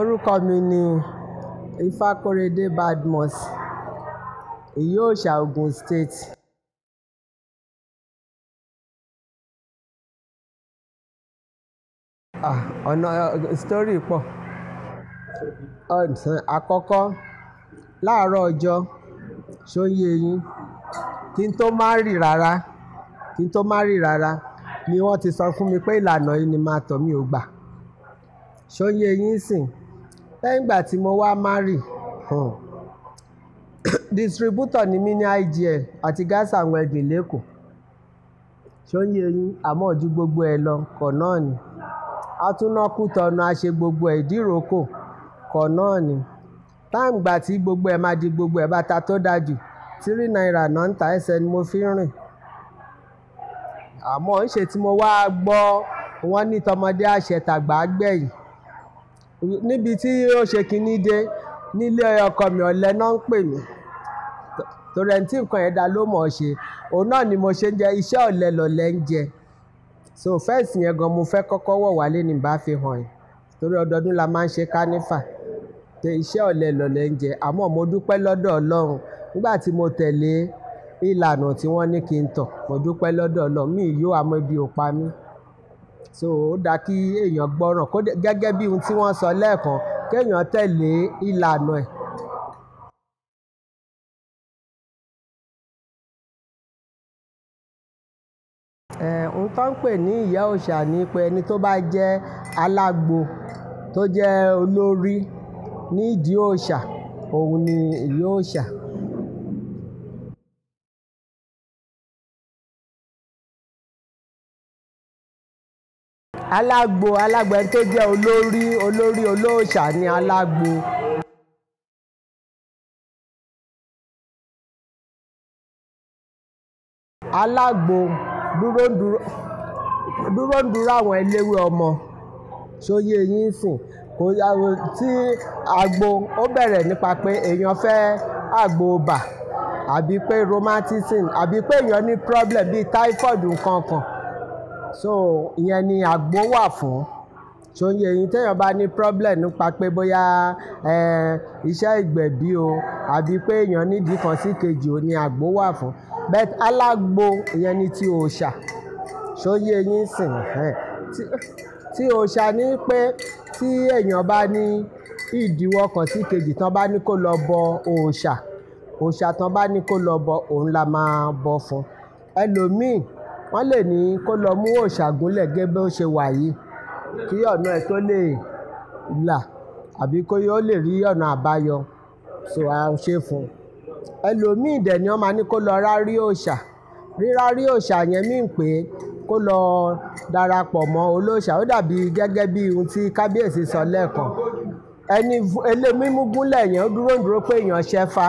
orúkọ mi ni ìfàkọrẹdé badmus ìyá òòṣà Ogun state ah, ọ̀nà story pọ̀ àkọ́kọ́ láàárọ̀ ọjọ́ sóyè yín kí n tó má rì rárá kí n tó má rì rárá ni wọ́n ti sọ fún mi pé ìlànà yìí ni màá tọ̀ mí ò gbà sóyè yín sìn. lẹ́yìn ìgbà tí mo wá marry hmm, distributor ni mí ní IGL àti gas and welding lẹ́kọ̀ọ́ ṣó ń yẹ yín àmọ́ ju gbogbo ẹ̀ lọ kọ̀ náà ni atúnákù tọ̀nà àṣẹ gbogbo ẹ̀ ìdíròkò kọ̀ náà ni táàmù gbà tí gbogbo ẹ̀ máa di gbogbo ẹ̀ bàtà tó dájú tírí náírà náà ń ta ẹsẹ̀ ni mo fi ń rìn àmọ́ ń ṣe tí mo wá gbọ́ wọ́n ní tọmọdé àṣẹ tàgbà gbẹ̀yìn níbi tí ó ṣe kinní dé nílé ọkọ mi ọ̀lẹ náà ń pè mí torí ẹni tí nǹkan yẹn dá ló mọ̀ ọ́ ṣe òun náà ni mo ṣe ń jẹ iṣẹ́ ọ̀lẹ lọ̀lẹ ń jẹ so fẹ́ǹsì yẹn gan mo fẹ́ kọ́kọ́ wọ̀ wálé ní bá fi hàn yìí torí ọdọọdún la máa ń ṣe kánífà tẹ iṣẹ́ ọ̀lẹ lọ̀lẹ ń jẹ àmọ́ mo dúpẹ́ lọ́dọ̀ ọlọ́run nígbà tí mo tẹ̀lé ìlànà tí wọ́n ní kí n tọ̀ mo dúpẹ́ lọ́dọ̀ ọlọ́run mi yóò amọ́ ibi ò pa so ó dáa kí èèyàn gbọ́ràn kó gẹ́gẹ́ bí ohun tí wọ́n sọ lẹ́ẹ̀kan kéèyàn tẹ̀lé ìlànà ẹ̀. ohun tó ń pè ní ìyá òòṣà ni pé ẹni tó bá jẹ́ alágbo tó jẹ́ olórí nídìí òòṣà òun ni ìyá òòṣà. alágbo alágbo ẹni tó jẹ́ olórí olórí olóòṣà ni alágbo. alágbo dúró dúró dúró àwọn eléwé ọmọ sóyè yín sìn kò yàrá tí àgbo ó bẹ̀rẹ̀ nípa pé èèyàn fẹ́ àgbo bà àbí pé romanticism àbí pé èèyàn ní problem bíi typhoid nǹkan kan so ìyẹn ni àgbo wà fún so yẹ yín téèyàn bá ní problem nípa pé bóyá iṣẹ́ ìgbẹ̀bí o àbí pé èèyàn nídìí kan sí kejì o ni àgbo wà fún bẹ́ẹ̀ alágbo ìyẹn ni ti òòṣà so yẹ yín sìn tí òòṣà ní pé tí èèyàn bá ní ìdíwọ́ kan sí kejì tán bá ní kó lọ bọ òòṣà òòṣà tán bá ní kó lọ bọ òun la máa bọ fún ẹlòmíì wọ́n lè ní kó lọ mú òṣàgúnlẹ̀ gẹ́gẹ́ bó ṣe wà yìí kí ọ̀nà ẹ̀ tó lè là àbí kó yóò lè rí ọ̀nà àbáyọ so à ń ṣe fún un ẹlòmíì dẹ̀ ni wọ́n máa ní kó lọ rárí òòṣà rí òòṣà yẹn mí pé kó lọ darapọ̀ mọ́ olóòṣà ó dàbí gẹ́gẹ́ bí ohun tí kábíyèsí sọ lẹ́ẹ̀kan ẹni elémímú gúnlẹ̀ yẹn ó dúró dúró pé èèyàn ṣẹ́fà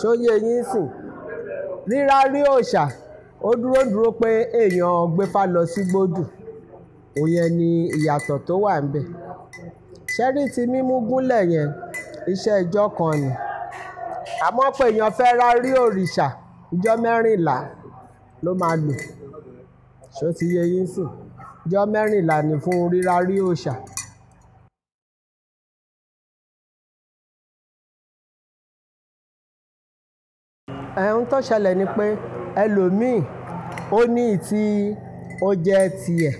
ṣóyè yín sìn rírárí òòṣà ó dúró dúró pé èèyàn gbéfá lọ sí gbódù òyẹn ni ìyàtọ̀ tó wà ń bẹ̀ ṣẹ́rí ti mímú gúnlẹ̀ yẹn iṣẹ́ ìjọ kan ni àmọ́ pé èèyàn fẹ́ ra rí òrìṣà ìjọ mẹ́rìnlá ló máa lò ṣó ti yẹ yín sùn ìjọ mẹ́rìnlá ni fún ríra rí òòṣà ẹ̀hún tó ṣẹlẹ̀ ni pé ẹlòmíì ó ní tí ó jẹ́ tiẹ̀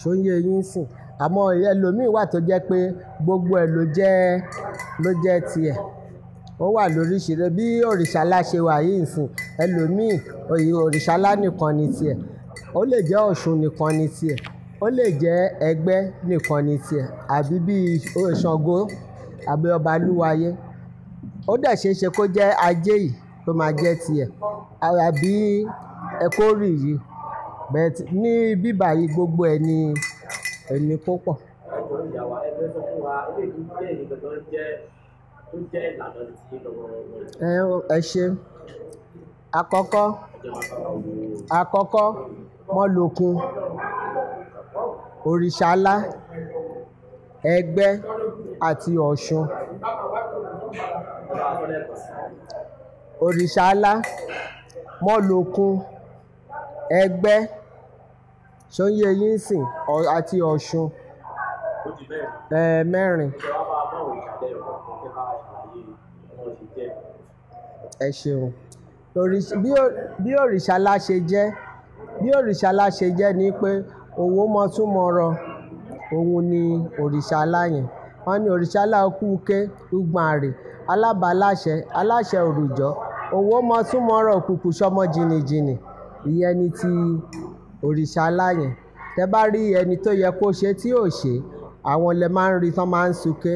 ṣóyè yín sìn àmọ́ ẹlòmíì wà tó jẹ́ pé gbogbo ẹ̀ ló jẹ́ ló jẹ́ tiẹ̀ ó wà lóríṣiríṣi bí òrìṣàlá ṣe wà yìí nsìn ẹlòmíì òyì òrìṣàlá nìkan ni tiẹ̀ ó lè jẹ́ ọ̀ṣun nìkan ni tiẹ̀ ó lè jẹ́ ẹgbẹ́ nìkan ni tiẹ̀ àbí bíi ṣàngó àbí ọbalúwayé ó dẹ̀ ṣeé kó jẹ́ ajé yìí ló máa jẹ́ tiẹ̀ àbí ẹ̀kọ́rì yìí but ní bíbà yìí gbogbo ẹ̀ ní ẹ̀mí púpọ̀. ẹ ṣe àkọ́kọ́ àkọ́kọ́ mọ́lòkun òrìṣàlá ẹgbẹ́ àti ọ̀ṣun òrìṣàlá mọ́lòkun ẹgbẹ́ ṣóyè yín sìn àti ọ̀ṣun mẹ́rin. ẹ ṣeun bí òrìṣà la ṣe jẹ́ bí òrìṣà la ṣe jẹ́ ni pé owó mọ tún mọ rọ òun ni òrìṣà láyẹn wọn ní òrìṣà láàkú ké ugbọn àrè alábàáláṣẹ aláṣẹ òrùjọ owó mọ tún mọ rọ òkùnkùn sọmọ jìnnìjìnnì ìyẹn ni ti òrìṣà láyẹn tẹ bá rí ẹni tó yẹ kó ṣe tí ò ṣe àwọn lè máa ń rí tán máa ń sunké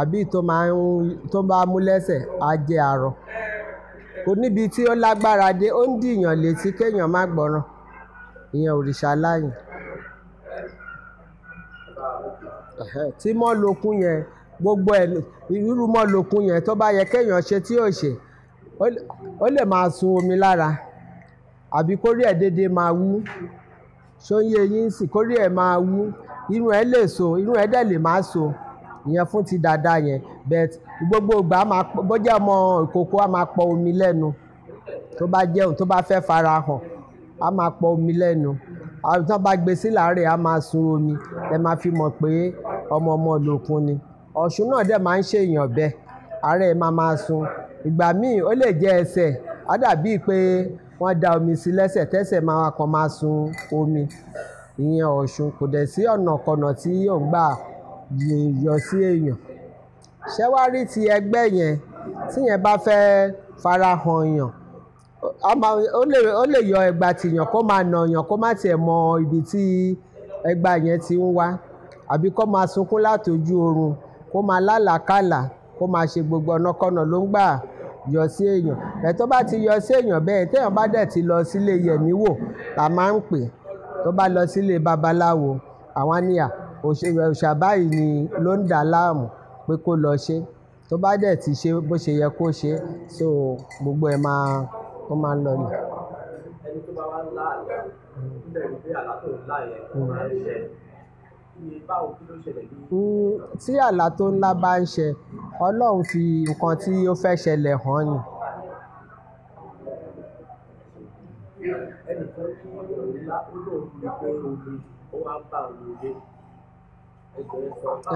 àbí tó máa ń tó bá mú lẹ́sẹ̀ á jẹ́ arọ kò níbi tí ó lágbára dé ó ń dìyàn létí kéèyàn má gbọ́ràn ìyẹn òrìṣà láyẹn tí mọ́lòkun yẹn gbogbo ẹ̀ irú mọ́lòkun yẹn tó bá yẹ kéèyàn ṣe tí ò ṣe ó lè máa sun omi lára àbí kórè ẹ̀ dédé máa wú ṣóyè yín sì kórè ẹ̀ máa wú irun ẹ̀ lè so irun ẹ̀ dẹ̀ lè má so ìyẹn fún ti dada yẹn but gbogbo ìgbà bọ́jà ọmọ ìkókó a máa pọ omi lẹ́nu tó bá jẹun tó bá fẹ́ fara hàn a máa pọ omi lẹ́nu àwọn tó bá gbé sí láàárẹ̀ a máa sun omi ẹ máa fi mọ̀ pé ọmọ ọmọ lòkun ni ọ̀ṣun náà dẹ̀ máa ń ṣèyàn bẹ́ẹ̀ àárẹ̀ máa máa sun ìgbà míì ó lè jẹ́ ẹsẹ̀ á dàbí pé wọ́n da omi sí lẹ́sẹ̀ tẹ́sẹ̀ máa wá kan máa sun omi ìyẹn ọ̀ṣun kò dẹ̀ sí ọ̀nà kọ̀nà tí yóò gbà yọ sí èèyàn ṣẹ́wárí ti ẹgbẹ́ yẹn tíyẹn bá fẹ́ farahàn yàn ó lè yọ ẹgbà tìyàn kó máa nà yàn kó má tiẹ̀ mọ ibi tí ẹgbà yẹn ti ń wá àbí kó máa sunkún látojú oorun kó máa lálàákàlà kó máa ṣe gbogbo ọ̀nà kọ̀nà ló ń gbà yọ sí èèyàn ẹ̀ tó bá ti yọ sí èèyàn bẹ́ẹ̀ téèyàn bá dẹ̀ ti lọ sílé yẹ̀mí wò la máa ń pè tó bá lọ sílé babaláwo àwọn níyà òṣà báyìí ni ló ń dà láàmú pé kó lọ ṣe tó bá dẹ̀ ti ṣe bó ṣe yẹ kó ṣe so gbogbo ẹ̀ máa ó máa ń lọ nù. ẹni tó bá wá láàlá ń bẹ̀rù pé àlá tó ń láyẹ̀ ṣe tí àlá tó ńlá bá ń ṣẹ ọlọ́run fi nǹkan tí ó fẹ́ ṣẹlẹ̀ hàn ni. ẹnìkan tí ó lò ní pé omi ó wá bá òun lé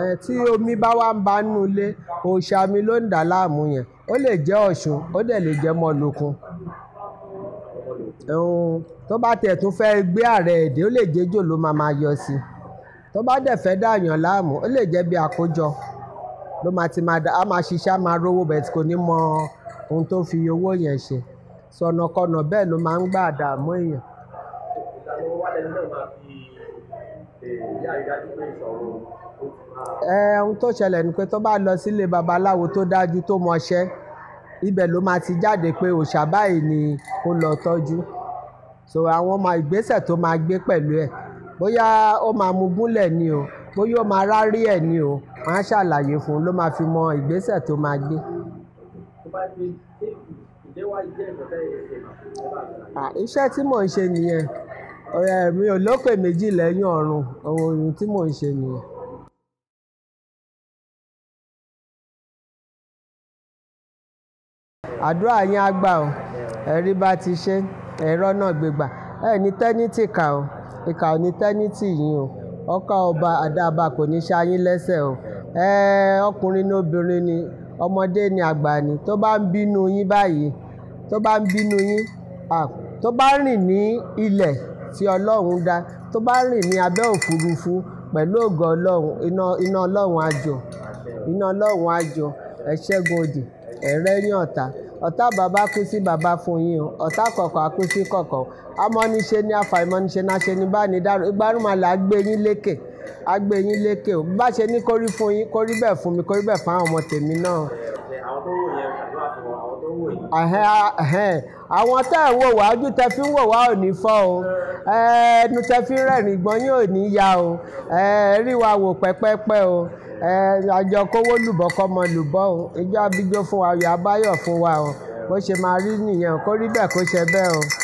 ẹ tí omi bá wá ń ba nínú ilé òòṣà mi ló ń dà láàmú yẹn ó lè jẹ́ ọ̀ṣun ó dẹ̀ lè jẹ́ mọ́lòkun tó bá tẹ̀ tún fẹ́ gbé ààrẹ èdè ó lè jẹ́jọ́ ló máa máa yọ sí i tó bá dẹ̀ fẹ́ dààyàn láàmú ó lè jẹ́ bí àkójọ ló máa ti máa dá a máa ṣiṣẹ́ a máa rówó bẹ́ẹ̀ tí kò ní mọ ohun tó fi owó yẹn ṣe sọ̀nàkọ̀nà bẹ́ẹ̀ ló máa ń gbà dààmú èèyàn. ẹ ohun tó ṣẹlẹ̀ ni pé tó bá lọ sílé babaláwo tó dájú tó mọṣẹ́ ibẹ̀ ló máa ti jáde pé òòṣà ni kó lọ tọ́jú so àwọn ọmọ ìgbésẹ̀ tó máa gbé pẹ̀lú ẹ̀ bóyá ó máa mú gúnlẹ̀ ni o bóyá ó máa rárí ẹ̀ ni o wọ́n á ṣàlàyé fún un ló máa fi mọ ìgbésẹ̀ tó máa gbé. iṣẹ́ tí mò ń ṣe nìyẹn mi ò lópè méjì lẹ́yìn ọ̀run ohun tí mò ń ṣe nìyẹn. àdúrà yín á gbà o ẹ̀rí bá ti ṣe ẹ̀rọ náà gbégbà ẹ̀ ní tẹ́ni tìka o ìkà ò ní tẹ́ni tì yín o ọkọ ọba àdàbà kò ní ṣáyín lẹ́sẹ̀ o ọkùnrin ní obìnrin ni ọmọdé ni àgbà ni tó bá ń bínú yín báyìí tó bá ń bínú yín tó bá rìn ní ilẹ̀ tí ọlọ́run dá tó bá rìn ní abẹ́ òfurufú pẹ̀lú ògo ọlọ́run iná ọlọ́run àjò iná ọlọ́run àjò ẹ̀ṣẹ́gun òdì ẹ̀rẹ́yìn ọ̀tá ọ̀tá bàbá kú sí bàbá fún yín o ọ̀tá kọ̀kọ̀ akú sí kọ̀kọ̀ amọ́niṣe ní àfàìmọ́niṣe náà ṣe ní báni dárò ìgbárùmọ̀lá agbé yín lékè agbé yín lékè o bá ṣe ní kórí fún yín kórí bẹ́ẹ̀ fún mi kórí bẹ́ẹ̀ fún àwọn ọmọ tèmi náà. àwọn tó wò yẹn àwọn tẹ́ ẹ̀ ń wò wá ojú tẹ́ fi ń wò wá ò ní fọ́ o ẹnu tẹ́ fi rẹ́rìn gbọ́n yín ò ní ya o rí wa wò pẹ́pẹ́pẹ́ o àjọ kówó lùbọ́ kọ́mọ lùbọ́ o ìjọ abijó fún wa yọ abáyọ̀ fún wa o bó ṣe máa rí nìyẹn kó rí bẹ́ẹ̀ kó ṣe bẹ́ẹ̀ o.